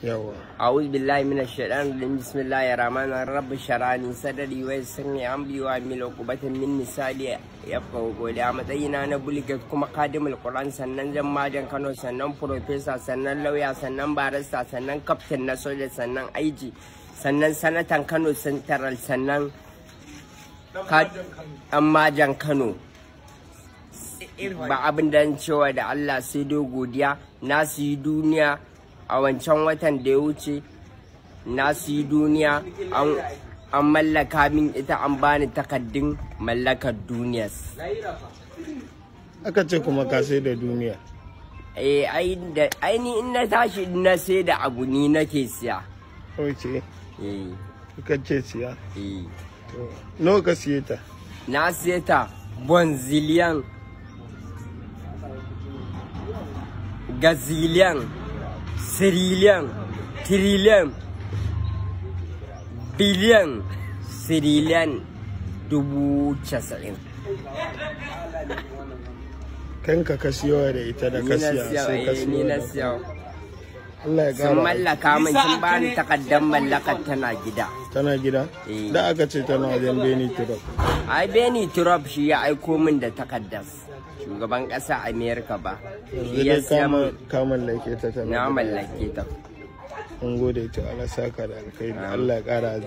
yawa a'udhu billahi minash shaitanir rajim bismillahir rahmanir rahim sharani sadri wa yassirni amri wa mil uqbatan min misali yafqahu qawli a matsayina na bulgat kuma kadimul qur'an sannan zan majan Kano sannan professor sannan lauya sannan barista sannan Kaftin na soja sannan IG sannan sanatan Kano Central sannan dan majan Kano ba abin da cewa da Allah sai dai godiya na su yi duniya a wancan watan da ya wuce na su yi duniya an mallaka min ita an bani takaddun mallakar duniyar aka ce kuma ka sai da duniya eh aini in na tashi na sai da abu ni nake siya ok eh ka ce siya eh nawa ka siye ta na siye ta bonziliyan gazillion, cerillion, trillion, billion, cerillion, dubu casa'in. Kanka ka siyo da ita da ka siya sai ka eh, siyo da Allah ya Sun mallaka min sun ba ni takaddan mallakar tana gida. Tana gida? Eh. Da aka ce tana wajen Benny Trump. Ai Benny Trump shi ya aiko min da takaddas. shugaban ƙasa amerika ba shi ya samu ka mallake ta na mallake ta An gode ta ala saka da alkhairi Allah ya kara